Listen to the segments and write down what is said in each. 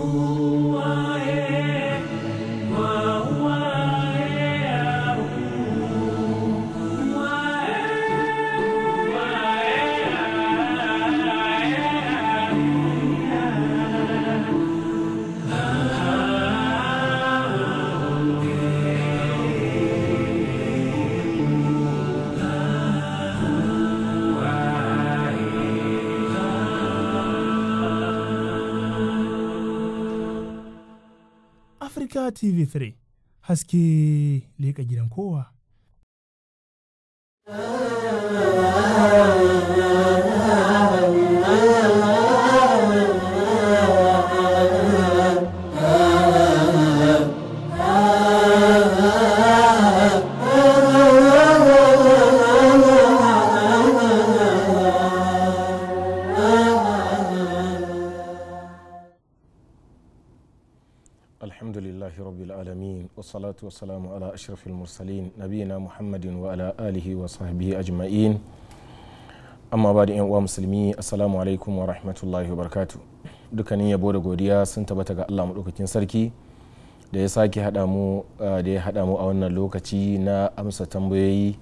Oh. TV3 haske leƙa gidan kowa. salatu ala ashrafil mursalin nabiyina muhammadin wa ala alihi wa a ajma'in amma ba da yan uwa musulmi assalamu alaikum wa rahmatullahi wa barkatu. dukkanin yabo da godiya sun tabbata ga Allah maɗaukakin sarki da ya sake hada mu ya haɗa mu a wannan lokaci na amsa tambayoyi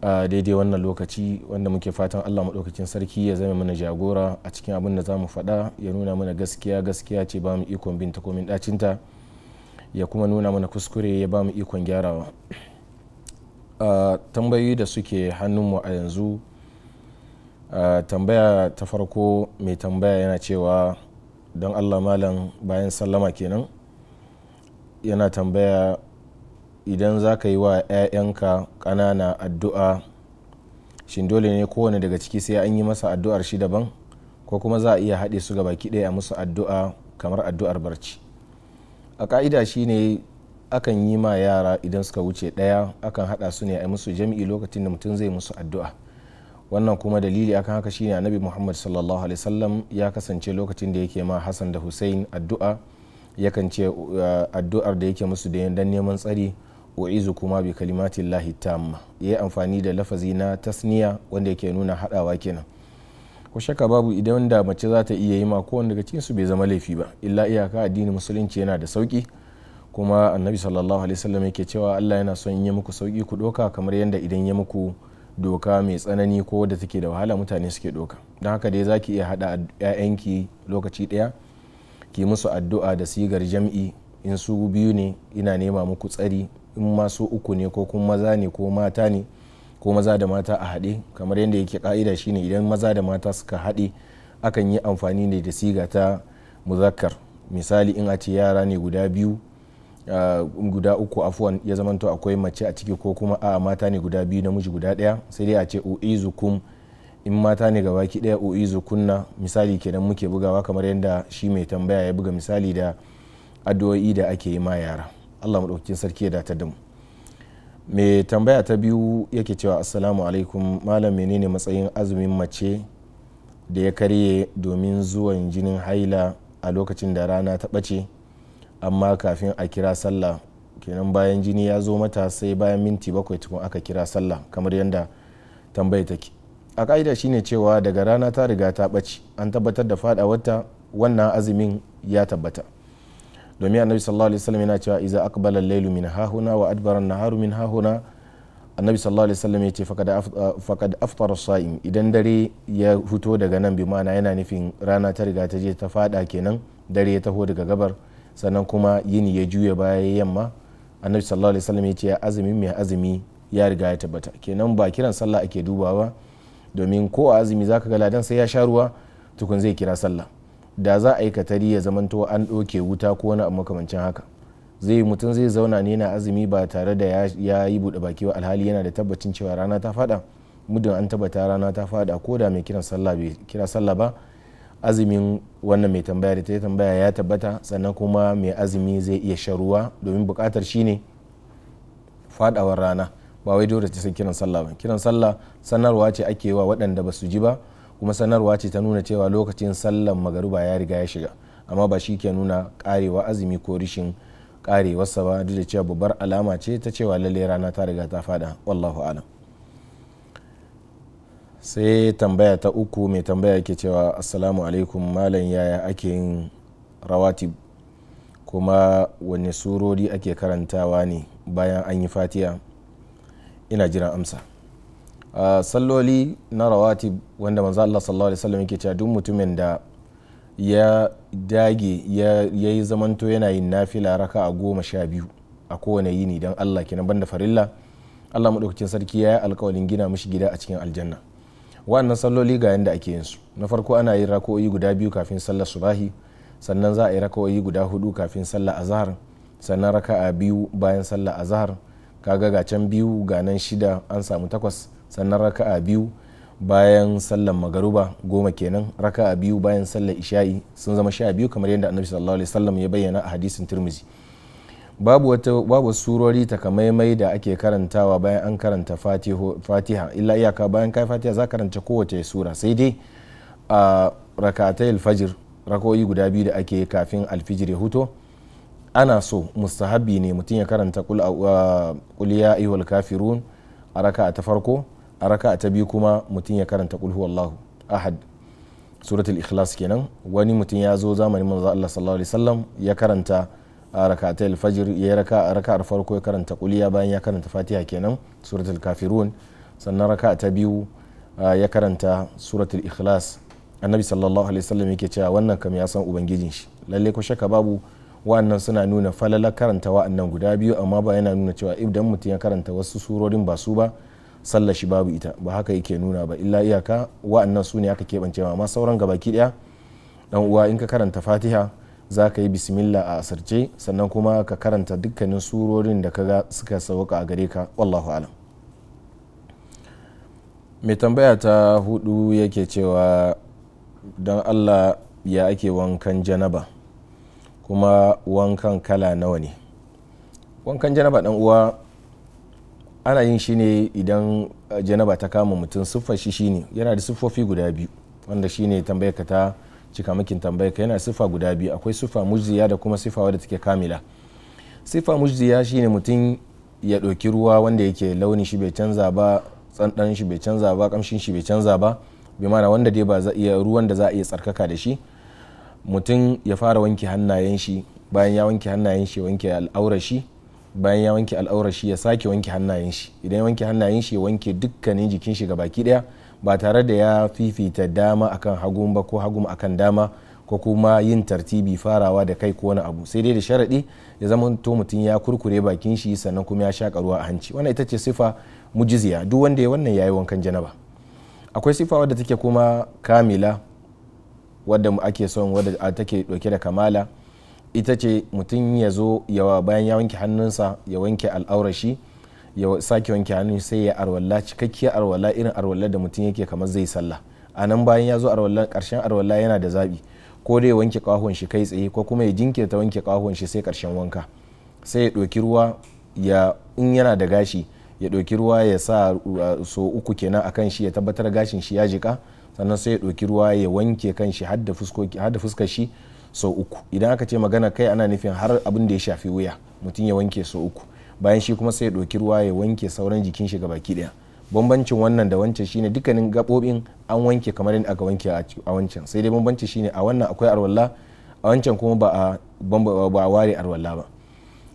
daidai wannan lokaci wanda muke fatan Allah maɗaukakin sarki ya zama mana jagora a cikin abin da zamu faɗa ya nuna mana gaskiya gaskiya ce ba mu ikon bin ta komin dacinta ta ya kuma nuna mana kuskure ya ba mu ikon gyarawa tambayoyi da suke hannunmu a yanzu tambaya ta farko mai tambaya yana cewa don allah malam bayan sallama kenan yana tambaya idan za ka yi wa 'ya'yanka ƙanana addu'a shin dole ne kowane daga ciki sai an yi masa addu'ar shi daban ko kuma za a iya haɗe su ga baki ɗaya a musu addu'a kamar addu'ar barci a ka'ida shine akan yi ma yara idan suka wuce ɗaya akan haɗa su ne a musu jami'i lokacin da mutum zai musu addu'a wannan kuma dalili akan haka shine annabi muhammad sallallahu alaihi wasallam ya kasance lokacin da yake ma hassan da hussein addu'a yakan ce eh, addu'ar da yake musu da dan neman tsari wa'izu kuma bi kalimatillahi tamma yayi amfani da lafazi na tasniya wanda yake nuna haɗawa kenan ko shaka babu idan da mace za ta iya yi ma kowanne daga cikinsu bai zama laifi ba illa iyaka addinin musulunci yana da sauki kuma annabi sallallahu alaihi wasallam yake cewa Allah yana son yi muku sauki ku doka kamar yadda idan ya muku doka mai tsanani ko da take da wahala mutane suke doka don haka dai zaki iya hada ƴaƴanki lokaci daya ki musu addu'a da sigar jam'i in su biyu ne ina nema muku tsari in ma su uku ne ko kuma maza ne ko mata ne ko maza da mata a haɗe kamar yadda yake ka'ida shine idan maza da mata suka haɗe akan yi amfani ne da siga ta muzakkar misali in a ce yara ne guda biyu guda uku afuwan ya zamanto akwai mace a ciki ko kuma a mata ne guda biyu namiji guda ɗaya sai dai a ce u'izukum in mata ne gaba gabaki ɗaya u'izukunna misali kenan muke bugawa kamar yadda shi mai tambaya ya buga misali da addu'o'i da ake yi ma yara allah maɗaukakin sarki ya datar da mu mai tambaya ta biyu yake cewa assalamu alaikum malam menene matsayin azumin mace da ya karye domin zuwan jinin haila a lokacin da rana ta ɓace amma kafin a kira sallah kenan bayan jini ya zo mata sai bayan minti bakwai tukun aka kira sallah kamar yadda tambaya take a ka'ida shine cewa daga rana ta riga ta ɓace an tabbatar da faɗa wata wannan azumin ya tabbata domin annabi sallallahu alaihi wasallam yana cewa iza aqbala al-lailu min hahuna wa adbara an-naharu min hahuna annabi sallallahu alaihi wasallam ya ce faqad aftara saim idan dare ya fito daga nan bi ma'ana yana nufin rana ta riga ta je ta fada kenan dare ya taho daga gabar sannan kuma yini ya juya baya yamma annabi sallallahu alaihi wasallam yace ce azumi mai azumi ya riga ya tabbata kenan ba kiran sallah ake dubawa domin ko a azumi zaka ga ladan sai ya sha ruwa tukun zai kira sallah da za a yi katari ya zamanto an ɗauke wuta ko wani abu makamancin haka zai mutum zai zauna ne na azumi ba tare da ya yi buɗe baki ba alhali yana da tabbacin cewa rana ta faɗa muddin an tabbata rana ta faɗa ko da mai kiran sallah bai kira sallah ba azumin wannan mai tambaya da ta yi tambaya ya tabbata sannan kuma mai azumi zai iya shan ruwa domin buƙatar shine faɗawar rana ba wai dole ta san kiran sallah ba kiran sallah sanarwa ce ake wa waɗanda ba su ji ba kuma sanarwa ce ta nuna cewa lokacin sallan magariba ya riga ya shiga amma ba shi ke nuna karewa azumi ko rishin karewarsa ba duk da cewa babbar alama ce ta cewa lalle rana ta riga ta fada wallahu alam sai tambaya ta uku mai tambaya ke cewa assalamu alaikum malam yaya ake yin rawatib kuma wanne surori ake karantawa ne bayan an yi fatiya ina jiran amsa salloli na rawati wanda manzo Allah sallallahu alaihi wasallam yake cewa duk mutumin da ya dage ya yi zamanto yana yin nafila raka a goma sha biyu a kowane yini don Allah kenan banda farilla Allah maɗaukacin sarki ya yi alkawalin gina mishi gida a cikin aljanna wannan salloli ga yanda ake yin su na farko ana yin rakoyi guda biyu kafin sallar subahi sannan za a yi rakoyi guda hudu kafin sallar azhar sannan raka'a biyu bayan sallar azhar kaga ga can biyu ga nan shida an samu takwas sannan raka'a biyu bayan sallan magaruba goma kenan raka'a biyu bayan sallan isha'i sun zama sha biyu kamar yadda annabi sallallahu alaihi wasallam ya bayyana a hadisin tirmizi babu wata babu surori takamaimai da ake karantawa bayan an karanta fatiha illa iyaka bayan kai fatiha za karanta kowace sura sai dai a rakatai alfajir rakoyi guda biyu da ake kafin alfijir ya huto ana so mustahabi ne mutum ya karanta kul ya ayyuhal kafirun a raka'a ta farko a raka ta biyu kuma mutum ya karanta kulhu wallahu ahad al ikhlas kenan wani mutum ya zo zamanin manzo Allah sallallahu alaihi wasallam ya karanta a rakatul fajr ya raka raka'ar farko ya karanta kuliya bayan ya karanta fatiha kenan suratul kafirun sannan raka ta biyu ya karanta al ikhlas annabi sallallahu alaihi wasallam yake cewa wannan kam ya san ubangijin shi lalle ko shakka babu wa'annan suna nuna falala karanta wa'annan guda biyu amma ba yana nuna cewa idan mutum ya karanta wasu surorin ba su ba sallar shi babu ita ba haka yake nuna ba illa iyaka wa'annan su ne aka keɓance amma sauran gabaki ɗaya dan uwa in ka karanta fatiha za ka yi bismillah a asirce sannan kuma ka karanta dukkanin surorin da kaga suka sauka a gare ka wallahu alam mai tambaya ta hudu yake cewa don allah ya ake wankan janaba kuma wankan kala nawa ne wankan janaba dan uwa ana yin shi ne idan eh, janaba ta kama mutum siffar shi shine yana da siffofi guda biyu wanda shine tambayar ka ta cika makin tambayar ka yana siffa guda biyu akwai siffa mujziya da kuma siffa wadda take kamila siffa mujziya shine mutum ya ɗauki ruwa wanda yake launi shi bai canza ba tsandan shi bai canza ba kamshin shi bai canza ba bi mana wanda dai ba iya ruwan da za a iya tsarkaka da shi mutum ya fara wanke hannayen shi bayan ya wanke hannayen shi wanke al'aurar shi bayan ya wanke al'aurar shi ya sake wanke hannayen shi idan ya wanke hannayen shi ya wanke dukkanin jikin shi baki daya ba tare da ya fifita dama akan hagun ba ko hagun akan dama ko kuma yin tartibi farawa da kai ko wani abu sai dai da sharaɗi ya zama to mutum ya kurkure bakin shi sannan kuma ya shaka ruwa a hanci wannan ita ce sifa mujiziya duk wanda ya wannan yayi wankan janaba akwai sifa wadda take kuma kamila wadda ake son wadda take dauke da kamala ita ce mutum ya zo yawa bayan ya wanke hannunsa ya wanke al'aurashi ya sake wanke hannun sai ya arwalla cikakkiyar arwalla irin arwalla da mutum yake kamar zai sallah a nan bayan ya zo arwalla karshen arwalla yana da zaɓi ko dai ya wanke kahon shi kai tsaye ko kuma ya jinkirta wanke kahon shi sai karshen wanka sai ya ɗauki ruwa ya in yana da gashi ya ɗauki ruwa ya sa uh, so uku kenan a kan shi ya tabbatar gashin shi ya jika sannan sai ya ɗauki ruwa ya wanke kan shi har da fuskar shi sau uku idan aka ce magana kai ana nufin har abin da ya shafi wuya mutum ya wanke sau uku bayan shi kuma sai ya ɗauki ruwa ya wanke sauran jikin shi gabaki ɗaya bambancin wannan da wancan shine dukkanin gaɓoɓin an wanke kamar yadda aka wanke a wancan sai dai bambanci shine a wannan akwai arwalla a wancan kuma ba a ba a ware arwalla ba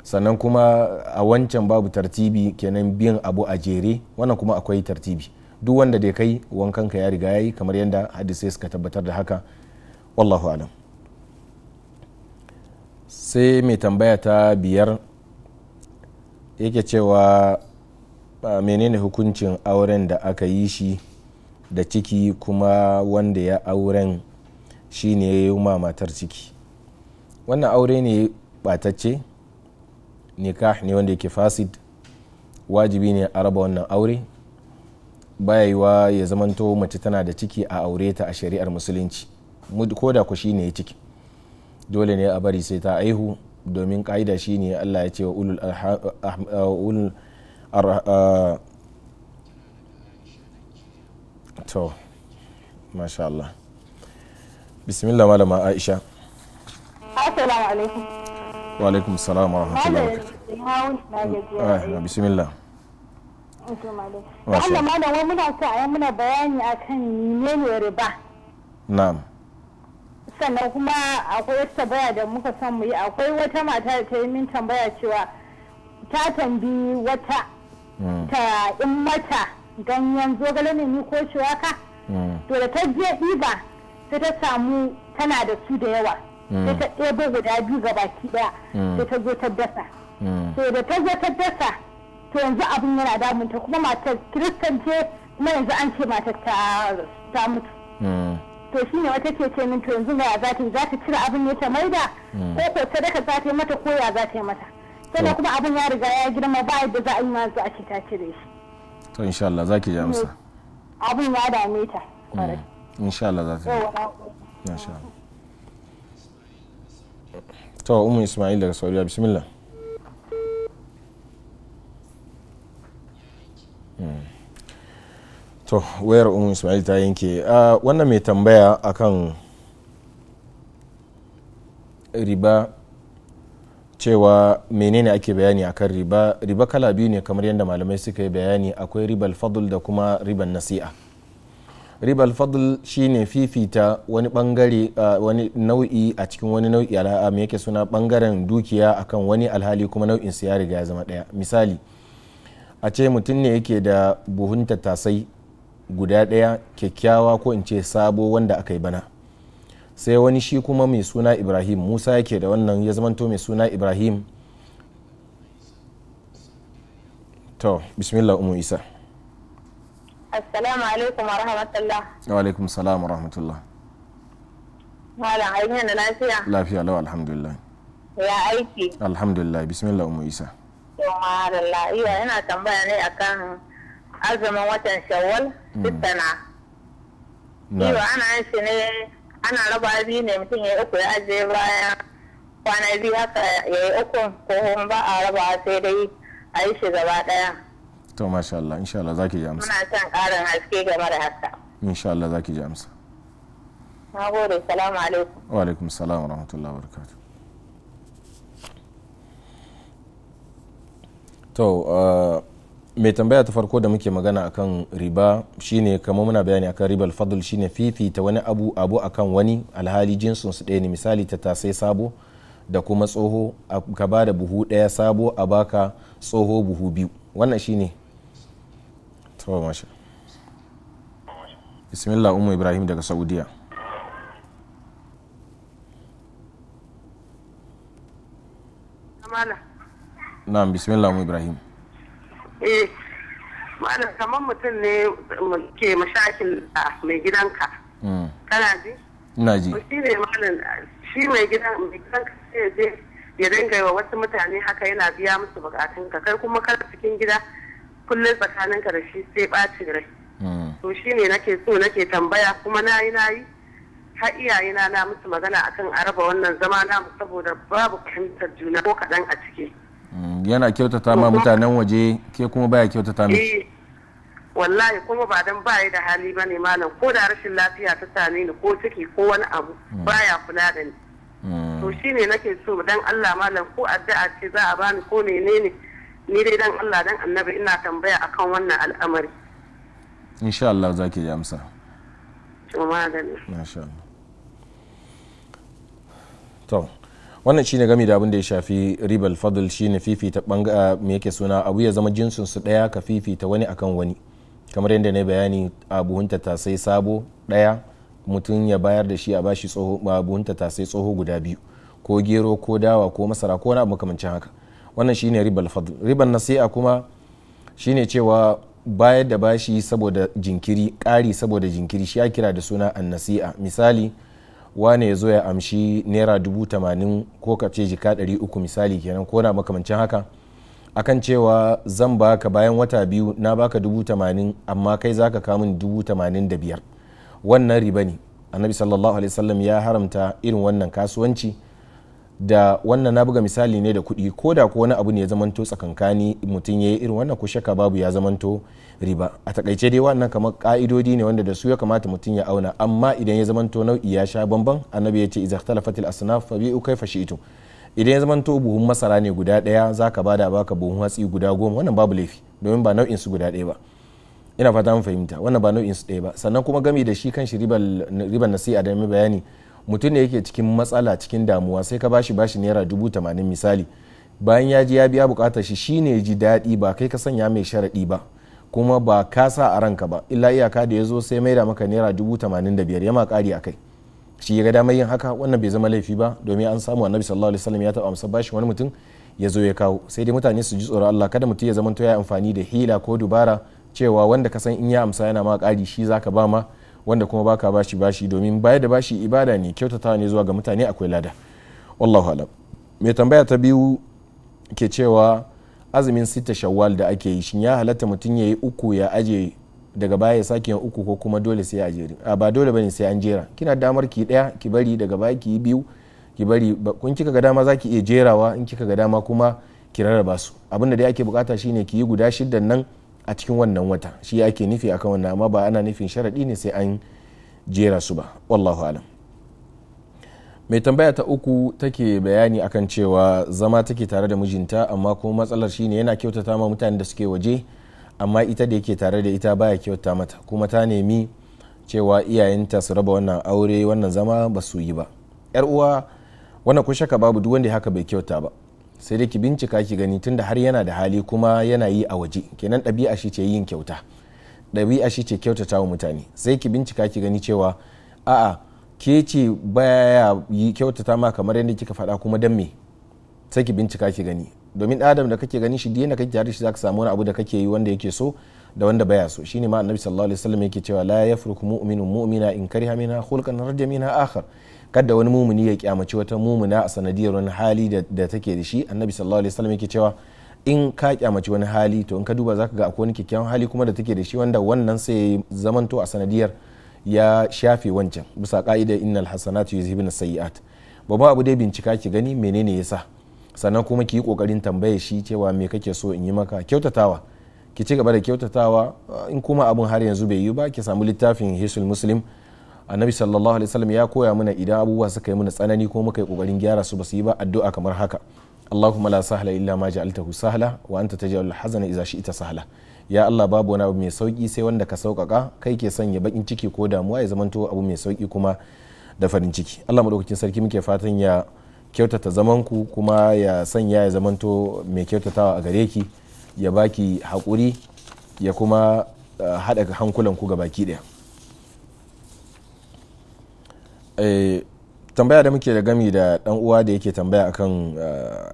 sannan kuma a wancan babu tartibi kenan biyan abu a jere wannan kuma akwai tartibi duk wanda da kai wankanka ya riga ya yi kamar yadda hadisai suka tabbatar da haka wallahu alam sai mai tambaya ta biyar yake cewa ba menene hukuncin auren da aka yi shi da ciki kuma wanda ya auren shi ne ya yi matar ciki wannan aure ne batacce nikah ne wanda yake fasid wajibi ne a raba wannan aure baya yiwa ya zamanto mace tana da ciki a aure ta a shari'ar musulunci ko da ku shi ne ya ciki dole ne a bari sai ta aihu domin ƙa'ida shi ne allah ya ce wa ulul ah, ah, to masha Allah bismillah malama aisha assalamu alaikum wa alaikum salam wa rahmatullahi wa ah, bismillah Allah malam wai muna sa a muna bayani akan menene riba na'am sannan kuma akwai wata tambaya da muka san mu yi akwai wata mata da ta yi min tambaya cewa ta tambi wata hmm. ta in mata ganyen zogale ne ni ko shuwaka hmm. to da ta je iba sai ta samu tana da su da yawa hmm. sai ta ɗebo guda biyu ga baki ɗaya sai ta zo ta dasa to da ta zo ta dasa to yanzu abin yana damunta kuma matar kiristan ce kuma yanzu an ce matar ta mutu to shine wata ce ce min to yanzu ya za ta za ta cire abin ya ta maida hmm. ko ko sadaka za ta yi mata ko ya za ta yi mata sannan kuma abin ya riga ya girma ba yadda za a yi ma za a ce ta cire shi to insha Allah za ki ji amsa hmm. abin ya dame ta hmm. insha Allah za ta yi insha Allah to umu Ismail daga Saudiya bismillah Mm. to wayar umu ismail ta yanke uh, wannan mai tambaya akan riba cewa menene ake bayani akan riba riba kala biyu ne kamar yadda malamai suka yi bayani akwai ribar fadul da kuma riban nasi'a ribar fadl shine fifita wani bangare wani nau'i a cikin wani nau'i ala'a me yake suna bangaren dukiya akan wani alhali kuma nau'in su ya riga ya zama daya misali a ce mutum ne yake da buhun tattasai guda ɗaya kyakkyawa ko in ce sabo wanda aka yi bana sai wani shi kuma mai suna ibrahim musa yake da wannan ya zamanto mai suna ibrahim to bismillah umu isa assalamu alaikum wa rahmatullah wa alaikum salam wa rahmatullah wala ainihin da lafiya lafiya lau alhamdulillah ya aiki alhamdulillah bismillah umu isa yana tambaya ne akan azumin watan shawwal hmm. sittana biyu ana yin shi ne ana raba biyu ne mutum ya uku ya aje baya kwana biyu haka ya yi uku ko kuma ba a raba sai dai a yi shi gaba daya to masha Allah insha Allah za ki ji amsa muna son ƙarin haske game da haka insha Allah zaki ji amsa na gode salamu alaikum wa alaikum salam wa rahmatullahi wa barakatuh to uh, mai tambaya ta farko da muke magana akan riba shine kamar muna bayani akan riba alfadul shine fifita wani abu abu akan wani alhali jinsin su ɗaya ne misali ta tasai sabo da kuma tsoho ka ba da buhu ɗaya sabo a baka tsoho buhu biyu wannan shine bismillah umu ibrahim daga saudiya na'am bismillah umu ibrahim eh kamar mutum ne ke mashakin a ah, mai gidanka hmm. kana ji ina ji shi ne malam shi mai gidan mai gidanka sai je ya dinga yi wa wasu mutane haka yana biya musu bukatun ka kai kuma kar cikin gida kullum ka da shi sai ɓaci rai hmm. to shi ne nake so nake tambaya kuma na yi na yi har iyayena na musu magana akan araba wannan zama namu saboda babu fahimtar juna ko kaɗan a ciki Mm, yana kyautata ma mutanen waje ke kuma baya kyautata shi eh, wallahi kuma ba dan baya da hali ba ne malam ko da rashin lafiya ta same ni ko ciki ko wani abu mm. baya kula da ni mm. to shine nake so dan Allah malam ko addu'a ce za a bani ko menene ni dai dan Allah dan annabi ina tambaya akan wannan al'amari insha za amsa to wannan shine game da abin da ya shafi ribal fadl shine fifita banga ah, me yake suna abu ya zama jinsin su daya ka fifita wani akan wani kamar yadda na bayani a ta sai sabo daya mutum ya bayar da shi a bashi tsoho a ta sai tsoho guda biyu ko gero ko dawa ko masara ko na abu makamancin haka wannan shine ribal fadl riban nasi'a kuma shine cewa bayar da bashi saboda jinkiri ƙari saboda jinkiri shi ya kira da suna an annasi'a misali wane ya zo ya amshi naira dubu tamanin ko ka ce jika ɗari uku misali kenan ko na makamancin haka akan cewa zan baka bayan wata biyu na baka dubu tamanin amma kai zaka kamun dubu tamanin da biyar wannan riba ne annabi sallallahu alaihi wasallam ya haramta irin wannan kasuwanci da wannan na buga misali ne da kuɗi ko da ko wani abu ne ya zamanto tsakankani mutum ya yi irin wannan ko shaka babu ya zamanto riba a takaice dai wannan kamar ka'idodi ne wanda da su ya kamata mutum ya auna amma idan ya zamanto nau'i ya sha bamban annabi ya ce idza ikhtalafatil asnaf fabi'u kayfa shi'tum idan ya zamanto buhun masara ne guda ɗaya zaka bada baka buhun hatsi guda goma wannan babu laifi domin ba nau'in su guda ɗaya ba ina fata mun fahimta wannan ba nau'in su ɗaya ba sannan kuma gami da shi kan shi ribar nasi'a da mai bayani mutum ne yake cikin matsala cikin damuwa sai ka bashi bashi naira dubu tamanin misali bayan ya ji ya biya bukatar shi shi shine ji daɗi ba kai ka sanya mai sharaɗi ba kuma ba ka sa a ranka ba illa iyaka da ya zo sai mai da maka naira dubu tamanin da biyar yama ƙari a kai shi ya ga damar yin haka wannan bai zama laifi ba domin an samu annabi sallallahu alaihi wasallam ya taɓa amsa bashi wani mutum ya zo ya kawo sai dai mutane su ji tsoron Allah kada mutum ya zama ya amfani da hila ko dubara cewa wanda ka san in ya amsa yana ma ƙari shi zaka ba ma wanda kuma baka bashi bashi domin bayar da bashi ibada ne kyautatawa ne zuwa ga mutane akwai lada wallahu alam mai tambaya ta biyu ke cewa azumin sita shawwal da ake yi shin ya halatta mutum ya yi uku ya aje daga baya ya sake uku ko kuma dole sai a jere a ba dole bane sai an jera kina damar ki daya ki bari daga baya ki biyu ki bari kun kika ga dama zaki iya jerawa in kika ga dama kuma ki rarraba su abinda dai ake bukata shine ki yi guda shiddan nan a cikin wannan wata shi ake nufi akan wannan amma ba ana nufin sharaɗi ne sai an jera su ba wallahu alam mai tambaya ta uku take bayani akan cewa zama take tare da mijinta amma kuma matsalar shine yana kyautata ma mutanen da suke waje amma ita da yake tare da ita baya kyauta mata kuma ta nemi cewa iyayenta su raba wannan aure wannan zama ba su yi ba yar uwa wannan kun shaka babu duk wanda haka bai kyauta ba sai dai ki bincika ki gani tunda har yana da hali kuma yana yi a waje kenan ɗabi'a shi ce yin kyauta ɗabi'a shi ce kyautata wa mutane sai ki bincika ki gani cewa a'a ke ce baya yi kyautata ma kamar yadda kika faɗa kuma dan me sai ki bincika ki gani domin adam da kake gani shi da yana kake tare shi zaka samu wani abu da kake yi wanda yake so da wanda baya so shine ma annabi sallallahu alaihi wasallam yake cewa la yafruku mu'minun mu'mina in kariha minha khulqan rajja akhar kada wani mumuni ya kyamaci wata mumuna a sanadiyar wani hali da take da shi annabi sallallahu alaihi wasallam yake cewa in ka kyamaci wani hali to in ka duba zaka ga akwai wani kyakkyawan hali kuma da take da shi wanda wannan sai ya zamanto a sanadiyar ya shafe wancan bisa ka'idar innal hasanatu yuzhibun sa'yiat ba abu dai bincika ki gani menene yasa sannan kuma ki yi kokarin tambaye shi cewa me kake so in yi maka kyautatawa ki ci gaba da kyautatawa in kuma abun har yanzu bai yi ba ki samu littafin hisul muslim annabi sallallahu alaihi wasallam ya koya mana idan abubuwa suka yi mana tsanani ko muka yi kokarin gyara su ba su yi ba addu'a kamar haka allahumma la sahla illa ma ja'altahu sahla wa anta taj'alul hazana idza shi'ta sahla ya Allah babu wani abu mai sauki sai wanda ka sauƙaƙa kai ke sanya bakin ciki ko damuwa ya zamanto abu mai sauki kuma da farin ciki Allah madaukakin sarki muke fatan ya kyautata zamanku kuma ya sanya ya zamanto mai kyautatawa a gare ki ya baki haƙuri ya kuma eh, haɗa hankulanku ga baki ɗaya Eh, tambaya da muke da gami da dan uwa da yake tambaya akan eh,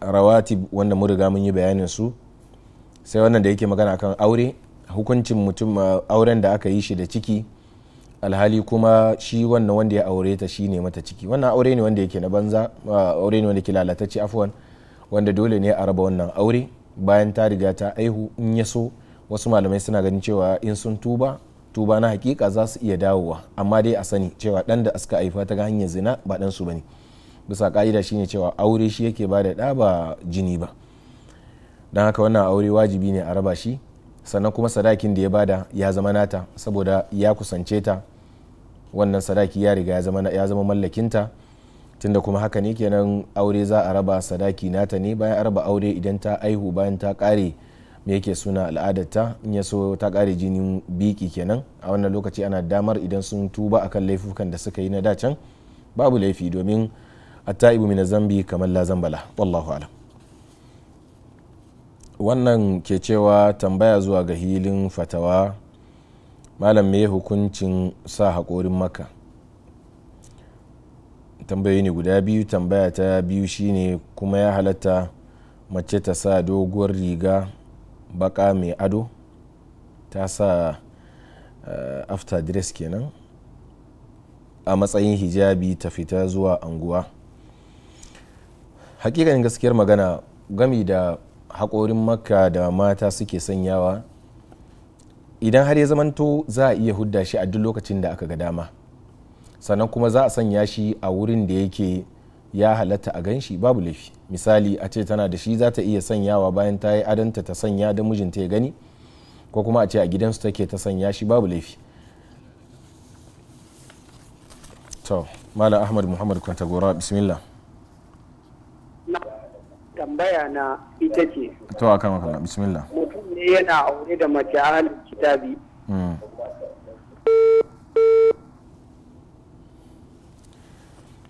rawati wanda mun riga mun yi bayanin su sai wannan da yake magana akan aure hukuncin mutum eh, auren da aka yi shi da ciki alhali kuma shi wannan wanda ya aure ta shi ne mata ciki wannan aure ne wanda yake na banza aure ne wanda ke lalatacce afuwan wanda dole ne a raba wannan aure bayan ta riga ta aihu in ya so wasu malamai suna ganin cewa in sun tuba tuba na hakika za su iya dawowa amma dai a sani cewa dan da suka haifa ta hanyar zina ba dan su bane bisa ka'ida shine cewa aure shi yake ba da da ba jini ba don haka wannan aure wajibi ne a raba shi sannan kuma sadakin da ya bada ya zama nata saboda ya kusance ta wannan sadaki ya riga ya zama mallakinta tunda kuma haka ne kenan aure za a raba sadaki nata ne bayan a raba aure idan ta aihu bayan ta kare me yake suna al'adarta in ya so ta kare jinin biki kenan a wannan lokaci ana damar idan sun tuba akan laifukan da suka yi na dacan babu laifi domin atta'ibu min zambi kamar la zambala wallahu ala wannan ke cewa tambaya zuwa ga hilin fatawa malam me hukuncin sa haƙorin maka tambayoyi ne guda biyu tambaya ta biyu shine kuma ya halatta mace ta sa doguwar riga baka mai ado ta sa uh, after dress kenan a matsayin hijabi ta fita zuwa anguwa hakikanin gaskiyar magana gami da haƙorin makka da mata suke sanyawa idan har ya zamanto za a iya hudda shi a duk lokacin da aka ga dama sannan kuma za a sanya shi a wurin da yake ya halatta a gan shi babu laifi misali a ce tana da shi za ta iya sanyawa bayan ta yi adanta ta sanya don mijinta ya gani ko kuma a ce a gidansu take ta sanya shi babu laifi to mala ahmad muhammad kwantagora bismillah tambaya na ita ce to a kan wakala bismillah mutum ne yana aure da mace a halin kitabi hmm.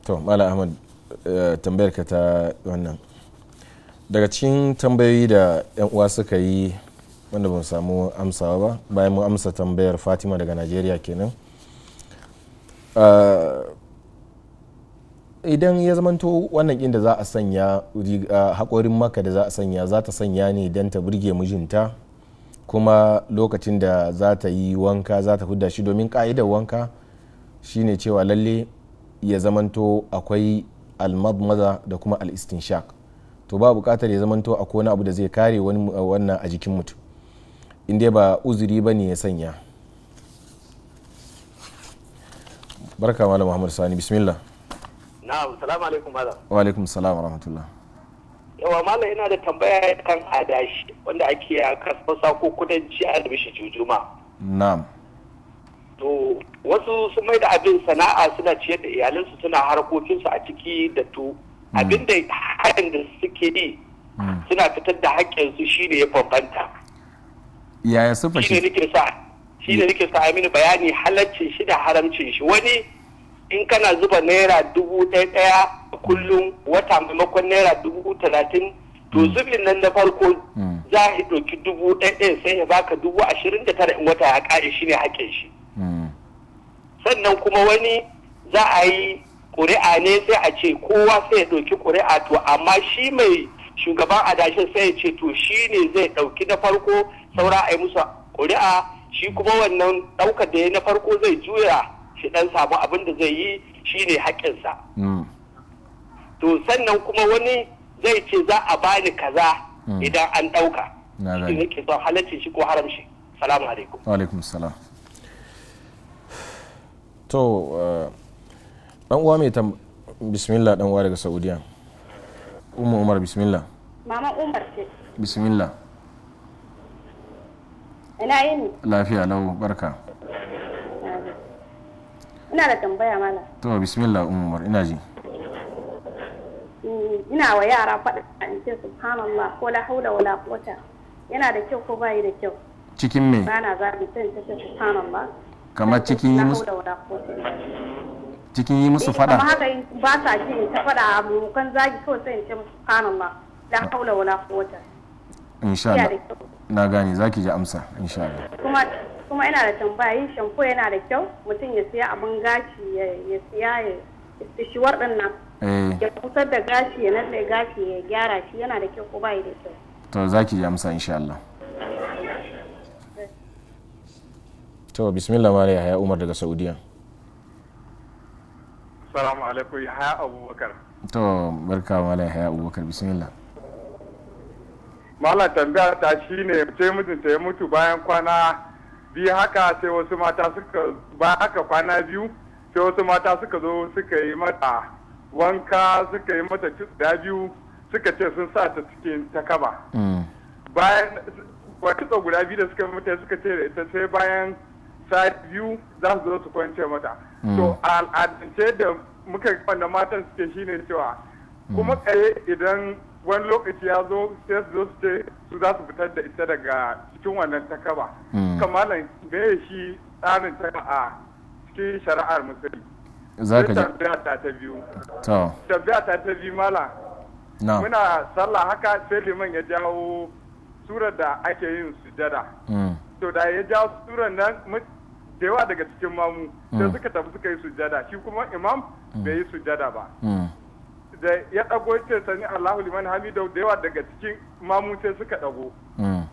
to mala ahmad Eh, tambayar ka ta wannan daga cikin tambayoyi da 'yan uwa suka yi wanda ba samu amsawa ba bayan mu amsa tambayar fatima daga najeriya kenan eh, idan ya zamanto wannan inda za a sanya ah, haƙorin maka da za a sanya za ta sanya ne don ta burge mijinta kuma lokacin da za ta yi wanka za ta hudda shi domin ka'idar wanka shine cewa lalle ya zamanto akwai almadmada da kuma al-istinshaq to ba bukatar ya zamanto a kona abu da zai kare eh, wannan a jikin mutum inda ba uzuri ba ne ya sanya barka malam muhammad sani bismillah na'am salamu alaikum malam wa alaikum salam wa rahmatullah yawa malam ina da tambaya kan adashi wanda ake a kasfasa ko kudanci a da jujuma na'am to wasu sun mai da abin sana'a suna ciyar da iyalinsu suna harkokinsu a ciki da to hmm. abin da haɗin da suke yi hmm. suna fitar da haƙƙinsu shi ne ya bambanta yaya sun fashe shi ne nake sa mini bayani halaccin shi da haramcin shi wani in kana zuba naira dubu ɗaya ɗaya kullum wata maimakon naira dubu talatin to hmm. zubin nan na farko za a ɗauki dubu ɗaya ɗaya sai ya baka dubu ashirin da tara in wata ya ƙare shi ne haƙƙin shi sannan kuma wani za a yi ƙuri'a ne sai a ce kowa sai ya ɗauki ƙuri'a to amma shi mai shugaban adashin sai ya ce to shi ne zai ɗauki na farko saura a yi musu ƙuri'a shi kuma wannan ɗaukar da ya na farko zai juya shi ɗan samu abin da zai yi shi ne haƙƙinsa. Mm. to sannan kuma wani zai ce za a bani kaza mm. idan an ɗauka. Shi ne ke son halaccin shi ko haramshi. Salamu alaikum. alaikum salam. to eh, dan uwa mai tam bismillah dan uwa daga saudiya umar umar bismillah mama umar ce bismillah ina yini lafiya lau barka ina da tambaya mala to bismillah umar ina ji mm, ina wa yara faɗa a cikin subhanallah ko la haula wala quwwata yana da kyau ko bayi da kyau cikin me bana zabi sai in subhanallah kamar cikin yi musu cikin yi musu fada kamar haka ba sa ji ta fada mu kan zagi kawai sai in ce musu subhanallah la haula wala quwwata insha Allah na gane zaki ji amsa insha Allah kuma kuma ina da tambaya yin shampo yana da kyau mutum ya siya abin gashi ya ya siya ya shiwar din nan eh. ya kusar da gashi ya nade gashi ya gyara shi yana da kyau ko bai da kyau to zaki ji amsa insha Allah to bismillah mara yahaya umar daga saudiya salamu alaikum yahaya abubakar to barka ya yahaya abubakar bismillah mala tambaya ta shi shine sai mutunta ya mutu bayan kwana biyu haka sai wasu mata suka bayan haka kwana biyu sai wasu mata suka zo suka yi mata wanka suka yi mata da biyu suka ce sun sa ta cikin ta kaba mm. bayan wata guda biyu da suka mata suka ce da ita sai bayan ta biyu za su zo su kwance mata mm. to al'adance da muka wanda matan suke shine cewa mm. kuma tsaye idan wani lokaci ya zo sai su zo su ce su za su fitar da ita daga cikin wannan takaba mm. kamalan me shi tsarin ta a cikin shari'ar musulmi Zaka ji tambaya ta ta biyu to ta ta biyu mala muna sallah haka sai liman ya jawo surar da ake yin sujada to da ya jawo surar nan da yawa daga cikin mamu sai suka tafi suka yi sujada shi kuma imam bai yi sujada ba da ya dago ce mm. sani Allahu liman hamidu da yawa daga cikin mamu sai suka dago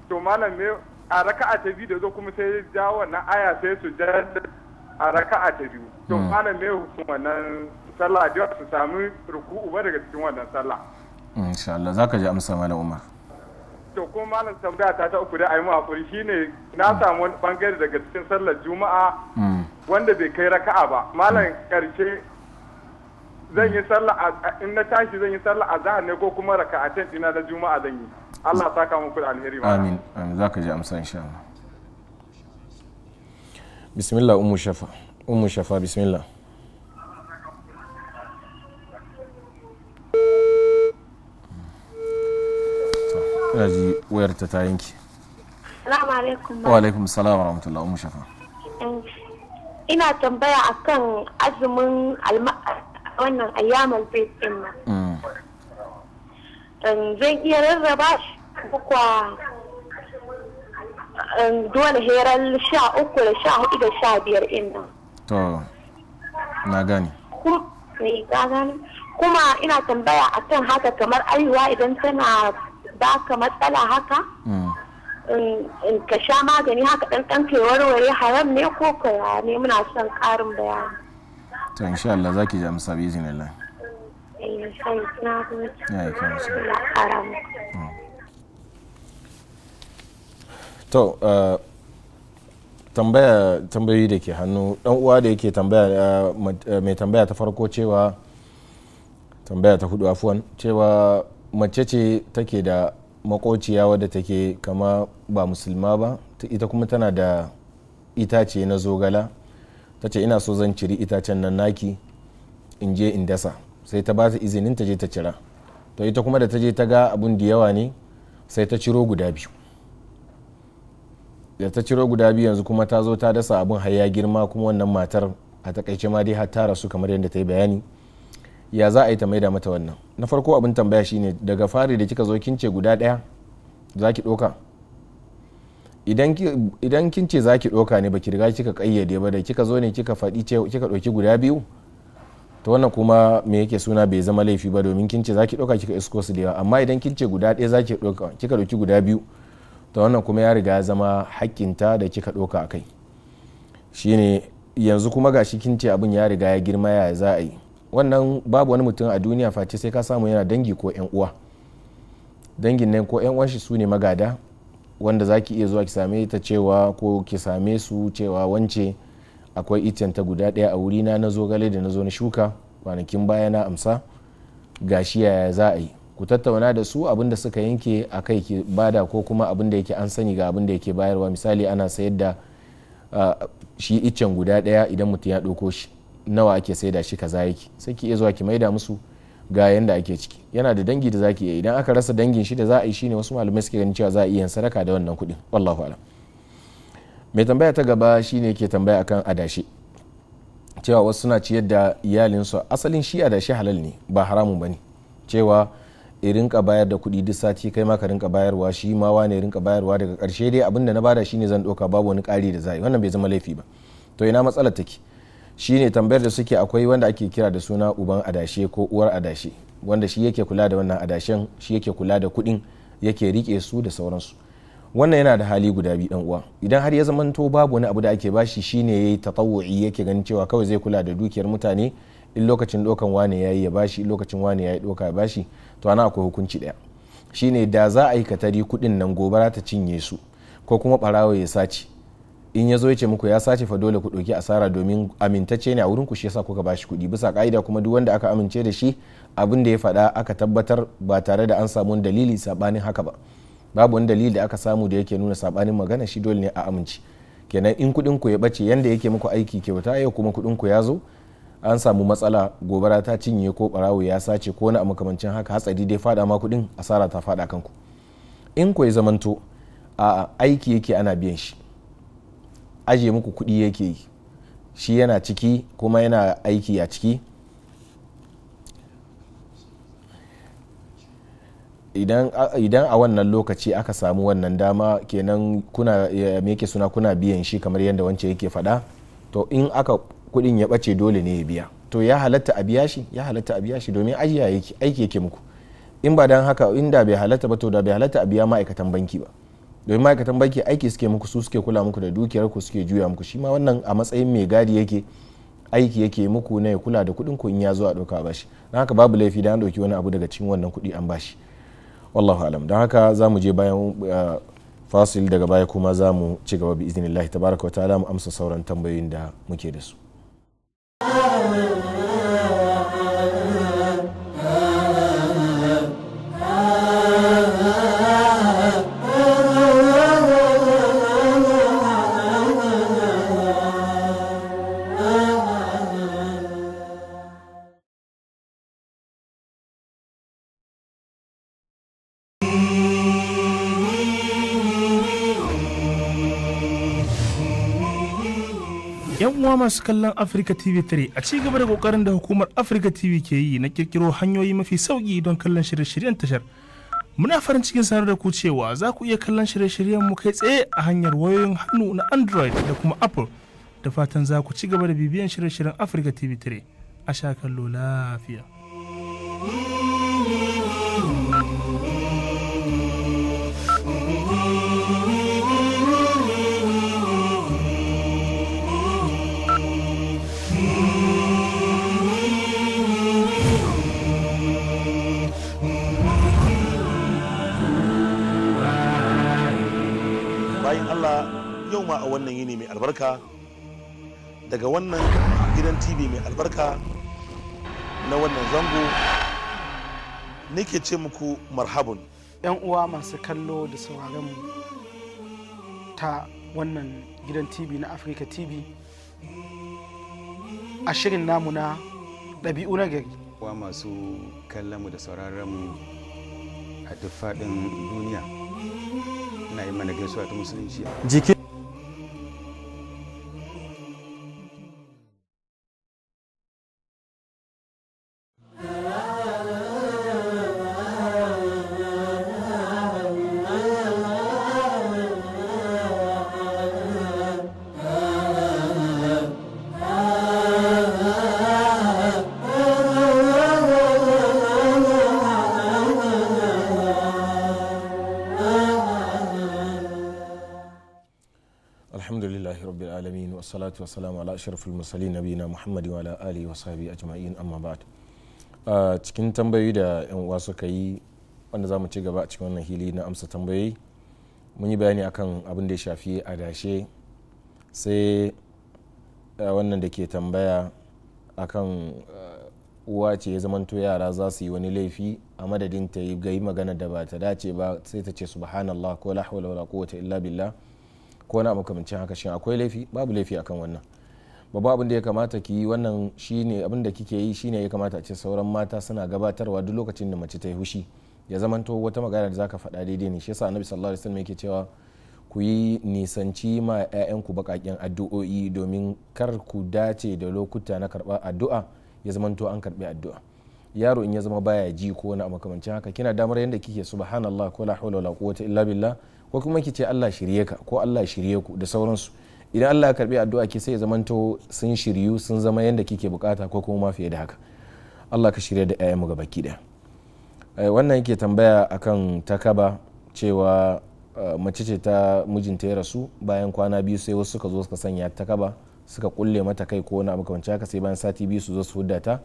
to malam me a raka'a ta biyu da zo kuma sai ya ja wannan aya sai sujada a raka'a ta biyu to mm. malam me hukumin wannan sallah da su sami ruku'u ba daga cikin wannan sallah mm, insha Allah zaka ji amsa malam Umar to ko malam tambaya ta ta uku da ayi mu hakuri shine na samu wani bangare daga cikin sallar juma'a mm. wanda bai kai raka'a ba malam mm. karshe zan yi sallah in na tashi zan yi sallah azhar ne ko kuma raka'a ta dina na juma'a zan yi Allah ya saka muku da alheri amin amin zaka ji amsa insha Allah bismillah ummu shafa ummu shafa bismillah ina ji wayar ta ta yanki salamu alaikum wa alaikum salam wa rahmatullahi umu shafa eh, ina tambaya akan azumin wannan ayyamar bait din nan mm. um, zan iya rarraba shi kwa um, dole heran sha uku da sha hudu da sha biyar in nan to na eh, gani kuma ina tambaya akan haka kamar aiwa idan tana baka matsala haka in ka sha magani haka ɗan ɗan ke warware haram ne ko kaya ne muna son ƙarin bayani to insha Allah zaki ji amsa bi izinillah eh, hmm. to eh, tambaya tambayoyi da ke hannu dan uwa da yake tambaya eh, mai tambaya ta farko cewa tambaya ta hudu afuwan cewa mace ce take da makociya wadda take kama ba musulma ba ita kuma tana da itace na zogala ta ce ina so zan ciri itacen nan naki in je in dasa sai ta ba ta izinin ta je ta cira to ita kuma da ta je ta ga abun da yawa ne sai ta ciro guda biyu da ta ciro guda biyu yanzu kuma ta zo ta dasa abun har ya girma kuma wannan matar a takaice ma dai har ta rasu kamar yadda ta yi bayani ya za a yi ta maida mata wannan na farko abin tambaya shine daga fari da kika zo kin ce guda daya za ki doka idan kin ce za ki doka ne baki riga kika kayyade ba da kika zo ne kika faɗi ce kika ɗauki guda biyu to wannan kuma me yake suna bai zama laifi ba domin kin ce za ki doka kika isko su da yawa amma idan kin ce guda ɗaya za ki doka kika ɗauki guda biyu to wannan kuma ya riga ya zama haƙƙinta da kika doka a kai shine yanzu kuma gashi kin ce abin ya riga ya girma ya za a yi wannan babu wani mutum a duniya face sai ka samu yana dangi ko yan uwa dangin nan ko yan uwan shi su ne magada wanda za ki iya zuwa ki same ta cewa ko ki same su cewa wance akwai itin ta guda ɗaya a wuri na zogale da na zo na shuka kwanakin baya na amsa gashi yaya za a yi ku tattauna da su abin da suka yanke a kai ki bada ko kuma abin da yake an sani ga abin da yake bayarwa misali ana sayar da ah, shi iccen guda ɗaya idan mutum ya ɗauko shi nawa ake saida shi kaza yake sai ki iya zuwa ki maida musu ga yanda ake ciki yana da dangi da ki iya idan aka rasa dangin shi da za a yi shine wasu malamai suke ganin cewa za a iya yin sadaka da wannan kuɗin wallahu alam mai tambaya ta gaba ne ke tambaya akan adashi cewa wasu suna ciyar da iyalinsu asalin shi adashi halal ne ba haramun bane cewa irin rinka bayar da kuɗi duk sati kai ma ka rinka bayarwa shi ma wane rinka bayarwa daga ƙarshe dai abinda na bada shine zan ɗauka babu wani ƙari da za'i wannan bai zama laifi ba to ina matsalar take shine tambayar da suke akwai wanda ake kira da suna uban adashe ko uwar adashe wanda shi yake kula da wannan adashen shi yake kula da kuɗin yake rike su da sauransu wannan yana da hali guda biyu dan uwa idan har ya zamanto babu wani abu da ake bashi shine yayi tatawu'i yake ganin cewa kawai zai kula da dukiyar mutane in lokacin dokan wane yayi ya bashi lokacin wane yayi doka ya bashi to ana akwai hukunci daya shine da za a yi katari kuɗin nan gobara ta cinye su ko kuma barawo ya sace in ya zo ya ce muku ya sace fa dole ku ɗauki asara domin amintacce ne a wurin ku shi yasa kuka bashi kuɗi bisa ka'ida kuma duk wanda aka amince da shi abin da ya faɗa aka tabbatar ba tare da an samu dalili sabanin haka ba babu wani dalili da aka samu da yake nuna saɓanin magana shi dole ne a amince kenan in kuɗin ku ya bace yanda yake muku aiki kyauta yau kuma kuɗin ku ya zo an samu matsala gobara ta cinye ko barawo ya sace ko na makamancin haka hatsari dai fada ma kuɗin asara ta fada kanku in ku ya zamanto a aiki yake ana biyan shi aje muku kuɗi yake yi shi yana ciki kuma yana aiki a ciki idan a wannan lokaci aka samu wannan dama kenan kuna meke suna kuna biyan shi kamar yadda wance yake faɗa to in aka kuɗin ya ɓace dole ne ya biya to ya halatta a biya shi ya halatta a biya shi domin ajiya aiki yake muku in ba don haka in da bai halatta ba to da bai halatta a biya ma'aikatan banki ba domin ma'aikatan banki aiki suke muku su suke kula muku da dukiyar ku suke juya muku shi ma wannan a matsayin mai gadi yake aiki yake muku na ya kula da kuɗin ku in ya zo a ɗauka bashi don haka babu laifi da an dauki wani abu daga cikin wannan kuɗi an bashi wallahu alam don haka za mu je bayan eh, fasil daga baya kuma za mu ci gaba bi iznillahi tabaraka wa ta'ala mu amsa sauran tambayoyin da muke da su. masu kallon Africa TV 3 a ci gaba da kokarin da hukumar Africa TV ke yi na kirkiro hanyoyi mafi sauki don kallon shirye-shiryen tashar. Muna farin cikin sanar da ku cewa za ku iya kallon shirye-shiryen mu kai tsaye a hanyar wayoyin hannu na Android da kuma Apple. Da fatan za ku ci gaba da bibiyan shirye-shiryen Africa TV 3 a sha kallo lafiya. a wannan yini mai albarka daga wannan gidan tv mai albarka na wannan zango nake ce muku marhabun yan uwa masu kallo da sauraron ta wannan gidan tv na afirka tv a shirin namu na ɗabi'u na gari wa masu kallon mu da sauraron mu a duk faɗin duniya na yi mana gaisuwa ta musulunci salatu wassalamu ala ashrafil mursalin nabiyina muhammad wa ala alihi wa a ajma'in amma ba'd cikin tambayoyi da yan uwa suka yi wanda za mu ci gaba a cikin wannan hili na amsa tambayoyi mun yi bayani akan abin da ya shafi a adashe sai wannan da ke tambaya akan uwa ce ya zamanto yara za su yi wani laifi a madadin ta yi magana da ba ta dace ba sai ta ce subhanallah ko la hawla wala quwwata illa billah ko na makamancin haka shi akwai laifi babu laifi akan wannan babu da ya kamata ki yi wannan shine abin da kike yi shine ya kamata a ce sauran mata suna gabatarwa duk lokacin da mace ta yi hushi ya zamanto wata magana da zaka faɗa daidai ne shi yasa annabi sallallahu alaihi wasallam yake cewa ku yi nisanci ma 'ya'yanku bakakin addu'o'i domin kar ku dace da lokuta na karba addu'a ya zamanto an karbi addu'a yaro in ya zama baya ji ko wani makamancin haka kina damar yadda kike subhanallah ko la hawla wala quwwata illa billah ko kuma ki ce Allah shirye ka ko Allah shirye ku da sauransu idan Allah ya karbi addu'a ki sai ya zamanto sun shiryu sun zama yadda kike bukata ko kuma fiye da haka Allah ka shirye da 'ya'yanmu ga baki daya eh, wannan yake tambaya akan takaba cewa eh, mace ce ta mijinta ya rasu bayan kwana biyu sai wasu suka zo suka sanya takaba suka kulle mata kai ko wani abu kamar haka sai bayan sati biyu su zo su hudda ta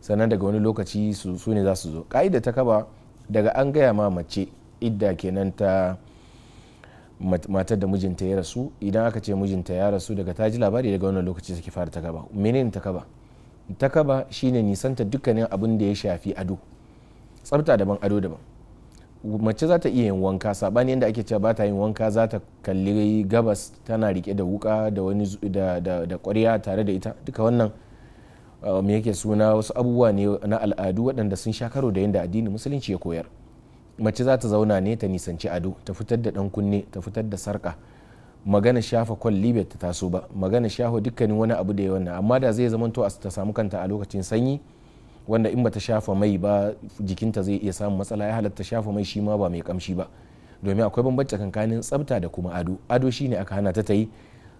sannan daga wani lokaci su ne za su zo ka'ida takaba daga an gaya ma mace idda kenan ta matar da mijinta ya rasu idan aka ce mijinta ya rasu daga ta ji labari daga wannan lokaci take fara ta kaba menene takaba kaba shine nisanta dukkanin abin da ya shafi ado tsafta daban ado daban mace za ta iya yin wanka sabani yadda ake cewa ba ta yin wanka za ta kalli gabas tana rike da wuka da wani da da ƙwarya tare da ita duka wannan uh, me yake suna wasu abubuwa ne na al'adu waɗanda sun sha karo da yadda addinin musulunci ya koyar mace za ta zauna ne ta nisanci ado ta fitar da dan kunne ta fitar da sarka magana shafa kwalli bai ta taso ba magana shafa dukkanin wani abu da ya wannan amma da zai zamanto a ta samu kanta a lokacin sanyi wanda in ba ta shafa mai ba jikinta zai iya samun matsala ya halatta shafa mai shi ma ba mai kamshi ba domin akwai bambanci kankanin tsabta da kuma ado ado shine aka hana ta ta yi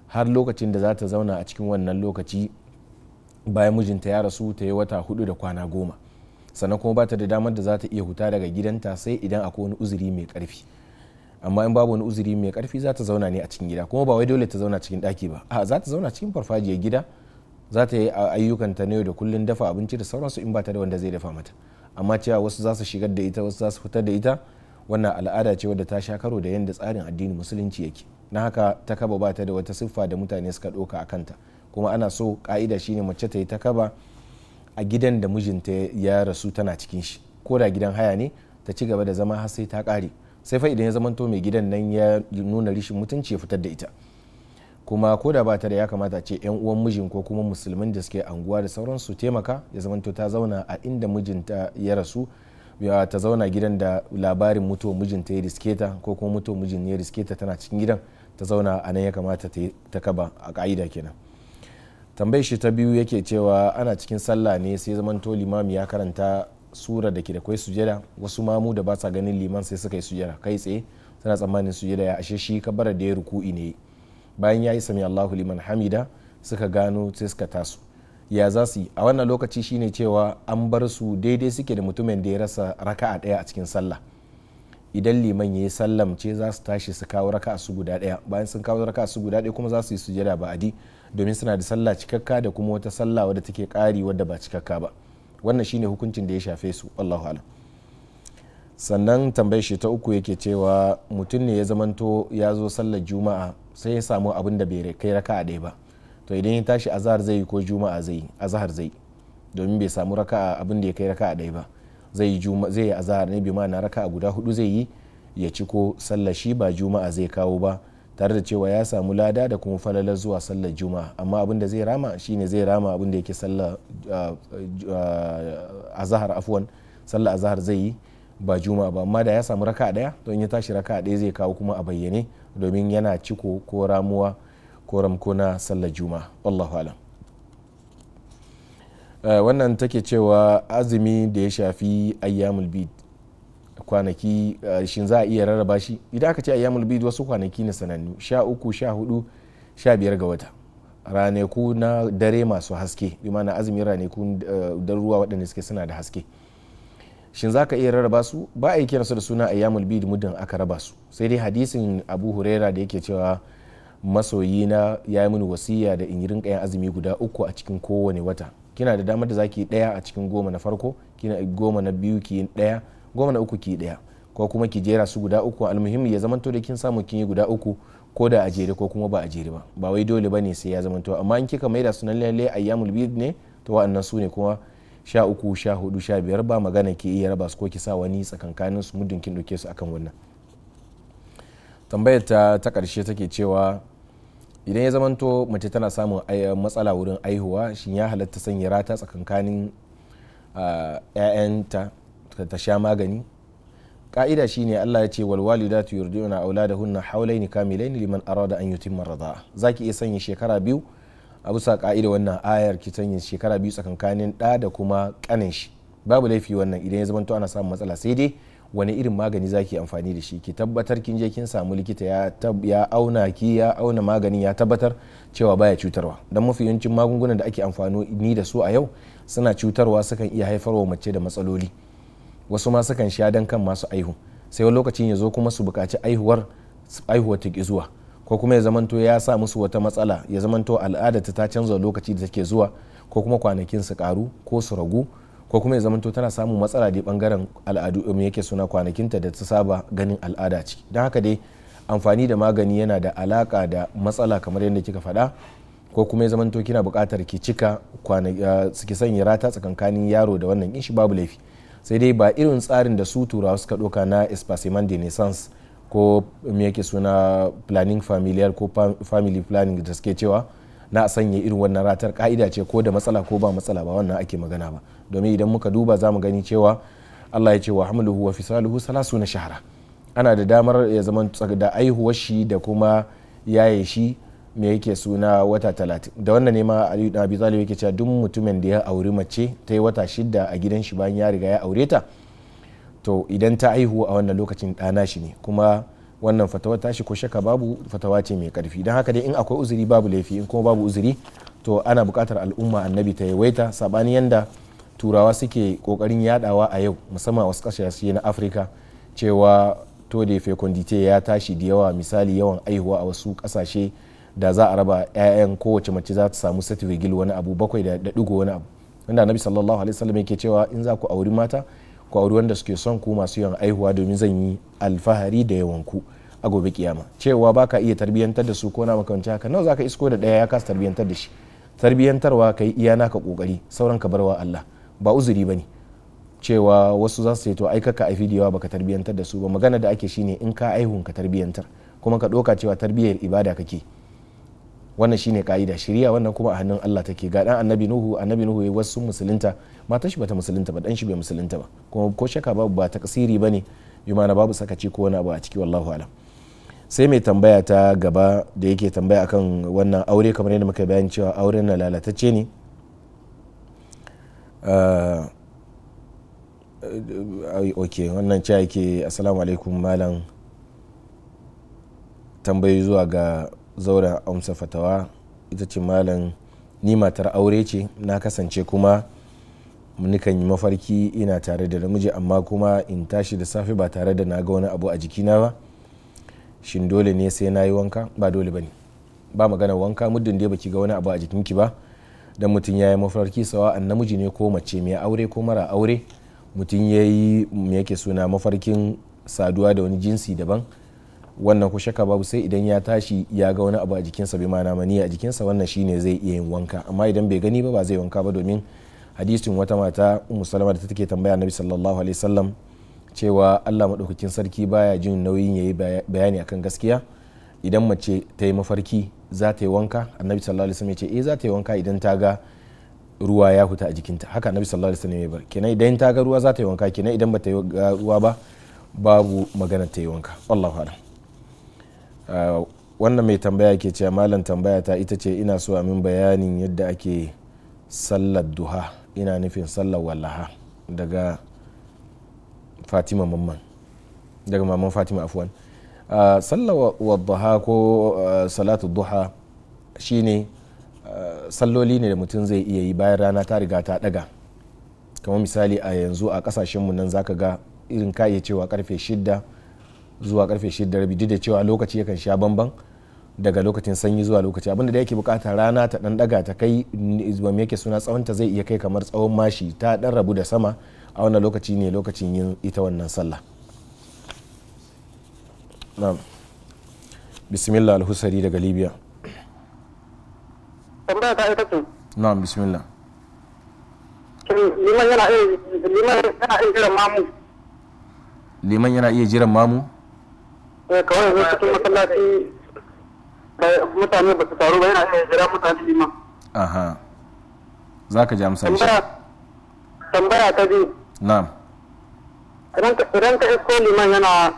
har lokacin da za ta zauna a cikin wannan lokaci bayan mijinta ya rasu ta yi wata hudu da kwana goma sannan kuma bata da damar da za ta iya huta daga gidanta sai idan akwai wani uzuri mai karfi amma in babu wani uzuri mai karfi za ta zauna ne a cikin gida kuma ba wai dole ta zauna cikin daki ba a za ta zauna cikin farfajiyar gida za ta yi ayyukanta na yau da kullun dafa abinci da sauransu in ba ta da wanda zai dafa mata amma cewa wasu za su shigar da ita wasu za su fitar da ita wannan al'ada ce wadda ta sha karo da yadda tsarin addinin musulunci yake na haka ta kaba ba ta da wata siffa da mutane suka ɗauka a kanta kuma ana so ka'ida shine mace ta yi ta kaba a gidan da mijinta ya rasu tana cikin shi ko da gidan haya ne ta ci gaba da zama har sai ta kare sai fa idan ya zamanto mai gidan nan ya nuna rishin mutunci ya fitar da ita kuma ko da ba ta da ya kamata ce yan uwan mijin ko kuma musulmin da suke anguwa da sauran su taimaka ya zamanto ta zauna a inda mijinta ya rasu ta zauna gidan da labarin mutuwar mijinta ya riske ta ko kuma mutuwar mijin ya riske ta tana cikin gidan ta zauna a nan ya kamata ta kaba a ka'ida kenan tambayar shi ta biyu yake cewa ana cikin sallah ne sai zaman to limami ya karanta sura da ke da kwai sujada wasu mamu da ba sa ganin liman sai suka yi sujada kai tsaye suna tsammanin sujada ya ashe shi kabara da ya ruku'i ne bayan ya yi sami allahu liman hamida suka gano sai suka taso ya za su yi a wannan lokaci shine cewa an bar su daidai suke da mutumin da ya rasa raka'a daya a cikin sallah idan liman ya yi sallam ce za su tashi su kawo raka'a su guda daya bayan sun kawo raka'a su guda daya kuma za su yi sujada adi domin suna da sallah cikakka da kuma wata sallah wadda take ƙari wadda ba cikakka ba wannan shine hukuncin da ya shafe su Allahu alam sannan tambayar shi ta uku yake cewa mutum ne ya zamanto ya zo sallar juma'a sai ya samu abin da bai kai raka'a ɗaya ba to idan ya tashi azahar zai yi ko juma'a zai azahar zai domin bai samu raka'a abin da ya kai raka'a ɗaya ba zai yi zai yi azahar ne bi ma'ana raka'a guda hudu zai yi ya ci ko sallar shi ba juma'a zai kawo ba tare da cewa ya samu lada da kuma falalar zuwa sallar juma'a amma abin da zai rama shine zai rama abin da yake sallar ah, ah, azahar afwan sallar azahar zai yi ba juma'a ba amma da ya samu raka daya don ya tashi raka daya zai kawo kuma a bayyane domin yana ciko ko ramuwa ko ramko na sallar juma'a wallahu alam eh, wannan take cewa azumi da ya shafi ayyamul bid kwanaki eh, shin za a iya rarraba shi idan aka ce a yamul bid wasu kwanaki ne sanannu sha uku sha hudu sha biyar ga wata ranaku na dare masu haske bi mana azumi ranaku eh, da ruwa waɗanda suke suna da haske shin za ka iya rarraba su ba a yi su da suna a yamul bid muddin aka raba su sai dai hadisin abu huraira da yake cewa masoyi na ya yi mini wasiya da in rinka yin azumi guda uku a cikin kowane wata kina da damar da zaki daya a cikin goma na farko kina goma na biyu ki daya goma na uku ki daya ko kuma ki jera su guda uku almuhimmi ya zamanto da kin samu kin yi guda uku ko da a jere ko kuma ba a jere ba ba wai dole ba bane sai ya zamanto amma in kika maida sunan lalle ayyamul bid ne to wa'annan su ne kuma sha uku sha hudu sha biyar ba magana ki iya raba su ko ki sa wani tsakankanin su muddin kin ɗauke su akan wannan tambayar ta karshe take cewa idan ya zamanto mace tana samun matsala wurin aihuwa shin ya halatta sanya rata tsakankanin ah, 'ya'yanta ta sha magani shi ne Allah ya ce wal walidatu yurdi'una auladahunna hawlaini kamilaini liman arada an yutimma za zaki iya sanya shekara biyu a bisa ka'ida wannan ayar ki sanya shekara biyu tsakankanin da da kuma kanin shi babu laifi wannan idan ya zamanto ana samun matsala sai dai wani irin magani zaki amfani da shi ki tabbatar kin je kin samu likita ya auna ki ya auna maganin ya tabbatar cewa baya cutarwa dan mafi yawancin magungunan da ake amfani ni da su a yau suna cutarwa sukan iya haifarwa mace da matsaloli wasu ma sukan sha dan kan masu aihu sai wani lokacin ya zo kuma su bukaci aihuwar aihuwar ta zuwa ko kuma ya zamanto ya sa musu wata matsala ya zamanto al'ada ta ta canza lokaci da take zuwa ko kuma kwanakin su karu ko su ragu ko kuma ya zamanto tana samun matsala da bangaren al'adu mu yake suna kwanakin ta da ta saba ganin al'ada ciki don haka dai amfani da magani yana da alaka da matsala kamar yadda kika faɗa ko kuma ya zamanto kina buƙatar ki cika eh, ki sanya rata tsakankanin yaro da wannan in shi babu laifi sai dai ba irin tsarin da su turawa suka ɗauka na espacement de naissance ko me yake suna planning familiar ko family planning da suke cewa na sanya irin wannan ratar ka'ida ce ko da matsala ko ba matsala ba wannan ake magana ba domin idan muka duba za mu gani cewa Allah ya ce wa hamluhu wa fisaluhu salasu na shahara ana da damar ya zama da aihuwar shi da kuma yaye shi me yake suna wata talatin da wannan ne ma aliyu da abi talib yake cewa duk mutumin da ya auri mace ta yi wata shida a gidan shi bayan ya riga ya aure ta to idan ta haihu a wannan lokacin dana shi ne kuma wannan fatawa tashi ko shaka babu fatawa ce mai karfi don haka dai in akwai uzuri babu laifi in kuma babu uzuri to ana bukatar al'umma annabi ta yawaita saɓani yanda turawa suke kokarin yadawa a yau musamman wasu ƙasashe na afirka cewa to da fecondite ya tashi da yawa misali yawan aihuwa a wasu kasashe. da za a raba 'ya'yan kowace mace za ta samu sati vigil wani abu bakwai da digo wani abu inda nabi sallallahu alaihi wasallam yake cewa in za ku auri mata ku auri wanda suke son ku masu yawan aihuwa domin zan yi alfahari da yawan ku a gobe kiyama cewa baka iya tarbiyantar da su ko na makamanci haka nawa zaka isko da ɗaya ya kasa tarbiyantar da shi tarbiyantarwa kai iya naka kokari sauran ka barwa Allah ba uzuri ba ne cewa wasu za su to ka a aifi da yawa baka tarbiyantar da su ba magana da ake shine in ka aihun ka tarbiyantar kuma ka doka cewa tarbiyyar ibada kake wannan shine ka'ida shari'a wannan kuma a hannun Allah take ga dan annabi nuhu annabi nuhu yayi wasu musulunta matan shi bata musulunta ba dan shi bai musulunta ba kuma ko shaka babu ba ta kasiri bane yumana babu sakaci ko wani abu a ciki wallahu alam sai mai tambaya ta gaba da yake tambaya akan wannan aure kamar yadda muka bayani cewa auren na lalatacce ne ah, eh, ok wannan cewa yake assalamu alaikum malam tambayi zuwa ga zauren amsa fatawa ita ce malam ni matar aure ce na kasance kuma nikan yi mafarki ina tare da namiji amma kuma in tashi da safe ba tare da na ga wani abu a jikina ba shin dole ne sai na yi wanka ba dole ba ne ba magana wanka muddin dai baki ga wani abu a jikinki ba dan mutum ya yi mafarki sawa an namiji ne ko mace mai aure ko mara aure mutum ya yi me yake suna mafarkin saduwa da wani jinsi daban wannan ku shaka babu sai idan ya tashi ya ga wani abu a jikinsa bai mana mani a jikinsa wannan shine zai iya yin wanka amma idan bai gani ba ba zai wanka ba domin hadisin wata mata ummu salama da take tambaya annabi sallallahu alaihi wasallam cewa Allah madaukakin sarki baya jin nauyin yayi bayani akan gaskiya idan mace ta yi mafarki za ta yi wanka annabi sallallahu alaihi wasallam ya ce eh za ta yi wanka idan ta ga ruwa ya huta a jikinta haka annabi sallallahu alaihi wasallam ya bar kenan idan ta ga ruwa za ta yi wanka kenan idan ba ta yi ruwa ba babu magana ta yi wanka wallahu a'lam wannan mai tambaya ke cewa malam tambaya ta ita ce ina so min bayanin yadda ake sallar duha ina nufin sallar wallaha daga fatima mamman daga maman fatima afuwan sallar wadduha ko salatu duha shine ne salloli ne da mutum zai iya yi bayan rana ta riga ta daga kamar misali a yanzu a kasashenmu nan zaka ga irin ka cewa karfe shidda zuwa karfe 6 da rabi duk da cewa lokaci yakan sha bamban daga lokacin sanyi zuwa lokaci abinda da yake bukata rana ta dan daga ta kai me yake suna tsawonta zai iya kai kamar tsawon mashi ta dan rabu da sama a wannan lokaci ne lokacin yin ita wannan sallah na'am bismillah alhusari daga libya tambaya ta ita na'am bismillah liman yana iya jiran mamu liman yana iya jiran mamu Eh, kawai yanzu cikin masallaci eh, mutane ba su taru ba yana iya jira mutane liman aha za ka ji amsar shi tambaya ta biyu na'am idan ka isko liman yana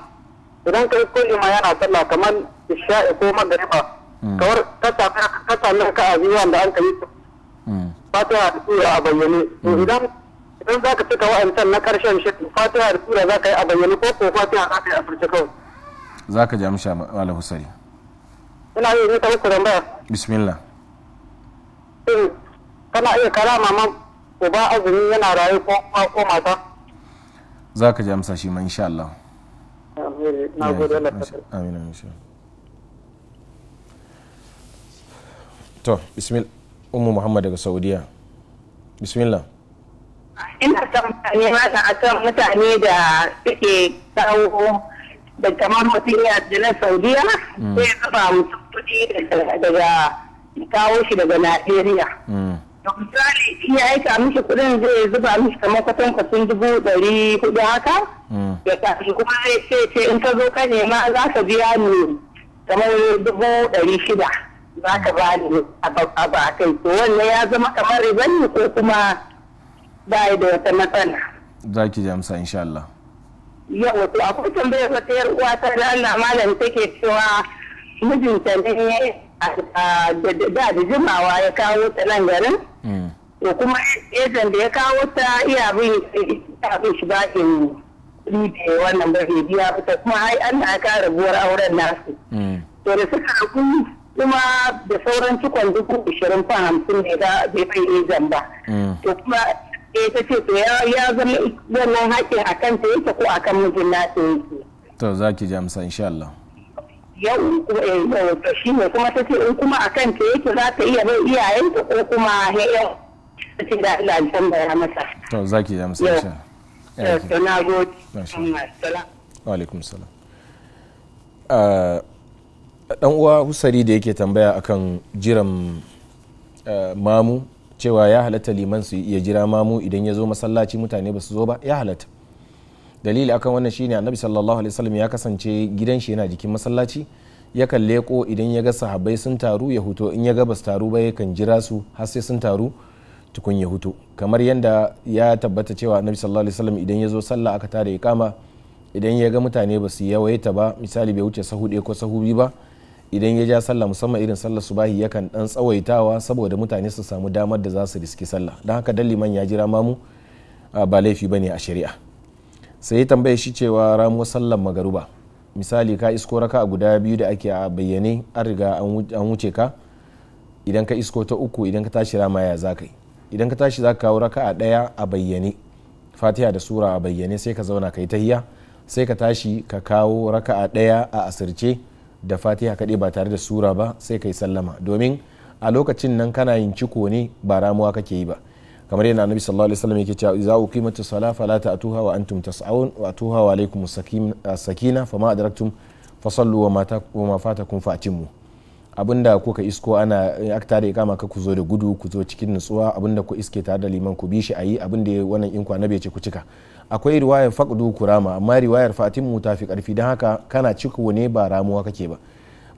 idan ka isko liman yana sallah kamar isha'i ko magariba hmm. kawar ka sami ka a wanda an ka yi hmm. fatiha da sura a bayyane hmm. idan idan za ka cika wa'ancan na karshen shi fatiha da sura za ka yi a bayyane ko ko fatiha za ka yi a furce kawai za ka ja musha mala husari ina yi ni muku tambaya bismillah shin kana iya kara mama uba azumi yana rayu ko ko mata za ka ja masa shi ma insha Allah na gode Allah amin amin to bismillah ummu muhammad daga saudiya bismillah ina tambaya ne mata akan mutane da suke kawo da kamar eh, mutum ya da na saudiya sai ya mutum kuɗi daga kawo shi daga najeriya da misali in ya aika mishi kuɗin zai zuba mishi kamar kwatan kwatin dubu ɗari hudu haka ya kafin kuma zai ce ce in ka zo ka nema za ka biya ni kamar dubu ɗari shida za ka ba ni a ba kai to wannan ya zama kamar riba ko kuma ba da wata matsala. Za ki ji amsa insha Allah. yau to akwai tambayar wata yar uwa ta da Allah malam take cewa mijinta ne da da jimawa ya kawo ta nan garin mm. to kuma ejan da ya kawo ta iya bin shi bakin ribe wannan ba biya fita kuma ai an na kare rabuwar auren nasu mm. to da suka rabu kuma da sauran cikon dubu ashirin fa hamsin ne ga bai bai ejan ba mm. to kuma eh ta ce to ya zama wannan haƙƙin a ta yake ko a kan mijin nasa yake to za ki ji amsa insha Allah yau eh, shi ne kuma ta ce in kuma a kan ta yake za ta iya bai ta ko kuma ya ya'yan cikin da Allah alhamdu ya masa to za ki ji amsa insha Allah to na gode wa alaikum salam ah, dan uwa husari da yake tambaya akan jiran ah, mamu cewa ya halatta liman su ya jira mamu idan ya zo masallaci mutane ba su zo ba ya halatta dalili akan wannan shine annabi sallallahu alaihi wasallam ya kasance gidan shi yana jikin masallaci yakan leko idan ya ga sahabbai sun taru ya huto in ya ga basu taru ba yakan jira su har sai sun taru tukun ya huto kamar yadda ya tabbata cewa annabi sallallahu alaihi wasallam idan ya zo sallah aka tare ya kama idan ya ga mutane ba su yawaita ba misali bai wuce sahu ɗaya ko sahu biyu ba idan ya ja sallah musamman irin su subahi yakan dan tsawaitawa saboda mutane su samu damar da za su riski sallah don haka dan liman ya jira mamu ba laifi ne a shari'a sai ya tambaye shi cewa ramu sallar magaruba misali ka isko raka a guda biyu da ake a bayyane an riga an wuce ka idan ka isko ta uku idan ka tashi rama ya za yi idan ka tashi za ka kawo raka a daya a bayyane fatiha da sura a bayyane sai ka zauna ka yi tahiya sai ka tashi ka kawo raka a daya a asirce da fatiha kaɗai ba tare da sura ba sai kai sallama domin a lokacin nan kana yin ciko ne ba ramuwa kake yi ba kamar yana annabi sallallahu alaihi wasallam yake cewa idza uqimatu sala fala ta'tuha wa antum tas'aun wa atuha wa alaykum sakina fama adraktum fasallu wa ma fatakum fa'timu abinda koka isko ana akta da kama ka ku zo da gudu ku zo cikin nutsuwa abinda ku iske tare da liman ku bi shi ayi abinda wannan in kwana bai ce ku cika akwai riwayar faqdu kurama amma riwayar fatimu ta fi karfi dan haka kana ciko ne ba ramuwa kake ba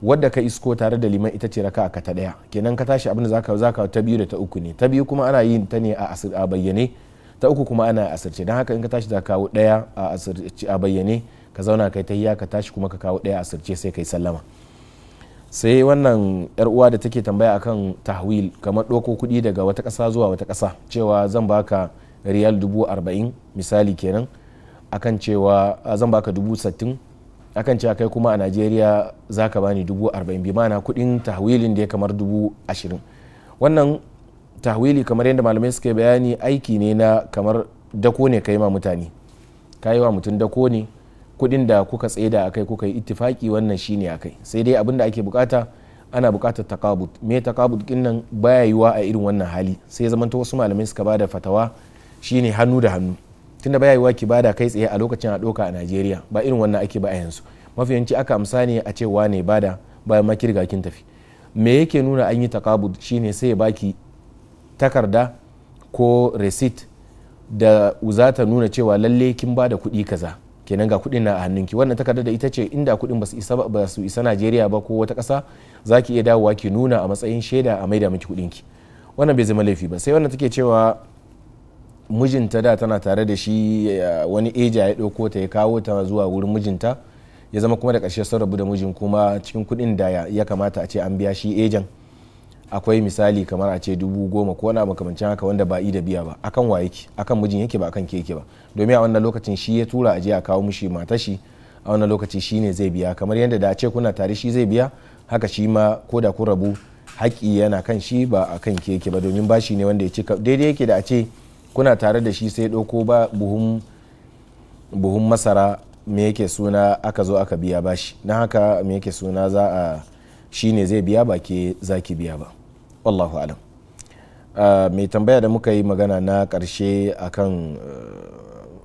wadda ka isko tare da liman ita ce raka ka ta daya kenan ka tashi abinda zaka zaka ta biyu da ta uku ne ta biyu kuma ana yin ta ne a asir a bayyane ta uku kuma ana asirce dan haka in ka tashi zaka daya a asirce a bayyane ka zauna kai ta ka tashi kuma ka kawo daya a asirce sai kai sallama sai wannan yar uwa da take tambaya akan tahwil kamar doko kuɗi daga wata kasa zuwa wata kasa cewa zan baka riyal dubu arba'in misali kenan akan cewa zan baka dubu sattin akan cewa kai kuma a najeriya za ka bani dubu arba'in bi mana kuɗin tahwilin da ya kamar dubu ashirin wannan tahwili kamar yadda malamai suka bayani aiki ne na kamar dako ne ka yi ma mutane ka yi wa mutum dako ne kudin da kuka tsaida akai kuka yi ittifaki wannan shine akai sai dai abin da ake bukata ana bukatar takabut me takabut din nan baya yiwa a irin wannan hali sai zamanta wasu malamai suka bada fatawa shine hannu da hannu tunda baya yiwa ki bada kai tsaye a lokacin a doka a Najeriya ba irin wannan ake ba a yanzu mafi yanci aka amsa ne a ce ne bada bayan ma kirga kin tafi me yake nuna an yi takabut shine sai ya baki takarda ko receipt da uzata nuna cewa lalle kin bada kuɗi kaza kenan ga kudin na a hannunki wannan takardar da ita ce inda kudin ba su isa najeriya ba ko wata kasa za ki iya dawowa ki nuna a matsayin shaida a maida miki ki wannan bai zama laifi ba sai wannan take cewa mijinta da tana tare da shi eh, wani eja ya ɗauko ta ya kawo ta zuwa wurin mijinta ya zama kuma da ƙarshe sun rabu da mijin kuma cikin kudin da ya kamata a ce an biya shi ejan akwai misali kamar a ce dubu goma ko na makamancin haka wanda ba i da biya ba akan wa yake akan mijin yake ba akan ke yake ba domin a wannan lokacin shi ya tura a je a kawo mishi matashi a wannan lokaci shi ne zai biya kamar yadda da a ce kuna tare shi zai biya haka shi ma ko da ku rabu haƙi yana kan shi ba a kan ke yake ba domin bashi ne wanda ya ci daidai yake da a ce kuna tare da shi sai ɗauko ba buhun masara me yake suna aka zo aka biya bashi na haka me yake suna za a shi ne zai biya ba ke za ki biya ba wallahu alam ah, mai tambaya da muka yi magana na karshe akan ah,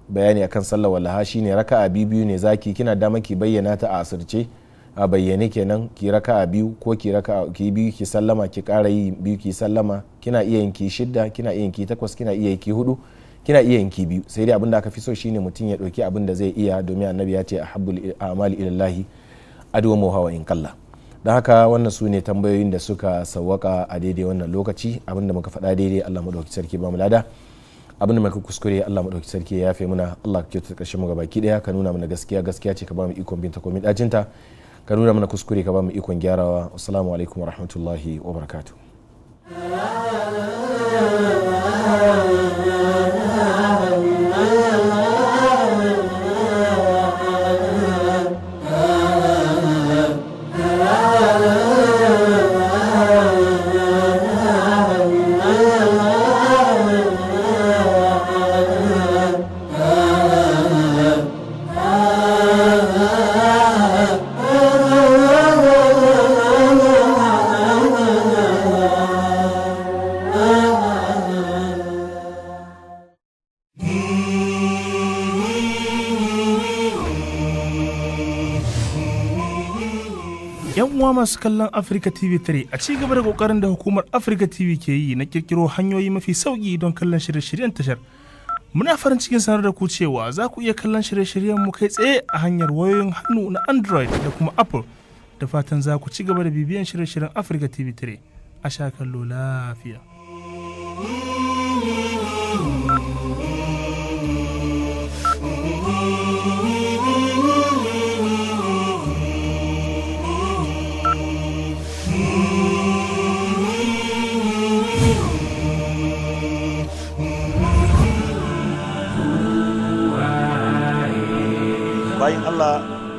bayani akan sallar wallaha shine raka biyu biyu ne zaki kina dama ki bayyana ta a asirce a bayyane kenan ki a biyu ko ki ki biyu ki sallama ki kara yi biyu ki sallama kina iya yin ki shidda kina iya yin ki takwas kina iya yin ki hudu kina iya yin ki biyu sai dai abin da aka fi so shine mutum ya dauki abin da zai iya domin annabi ya ce ahabbul a'mali ilallahi adwa hawa in kallah da haka wannan su ne tambayoyin da suka sauwaka a daidai wannan lokaci abinda muka faɗa daidai allah maɗauki sarki ba mu lada abinda muka kuskure allah maɗauki sarki ya yafe muna allah ka kyautar ƙarshen mu gabaki ɗaya ka nuna mana gaskiya gaskiya ce ka ba mu ikon binta komai ɗacinta ka nuna mana kuskure ka ba mu ikon gyarawa assalamu alaikum wa rahmatullahi wa barakatuh masu kallon Africa TV 3 a ci gaba da kokarin da hukumar Africa TV ke yi na kirkiro hanyoyi mafi sauki don kallon shirye-shiryen tashar. Muna farin cikin sanar da ku cewa za ku iya kallon shirye-shiryen mu kai tsaye a hanyar wayoyin hannu na Android da kuma Apple. Da fatan za ku ci gaba da bibiyan shirye-shiryen Africa TV 3 a sha kallo lafiya. bayan Allah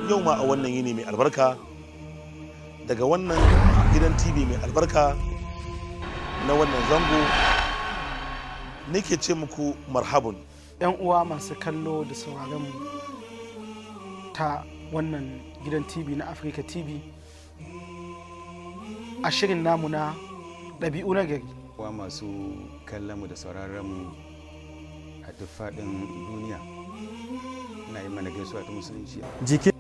yau ma a wannan yini mai albarka daga wannan gidan TV mai albarka na wannan zango nake ce muku marhabun. ‘Yan uwa masu kallo da sauraron mu ta wannan gidan TV na Afirka TV a shirin namu na ɗabi'u na gari. Wa masu kallon mu da sauraron mu a duk faɗin duniya. ina yi mana gaisuwa ta musulunci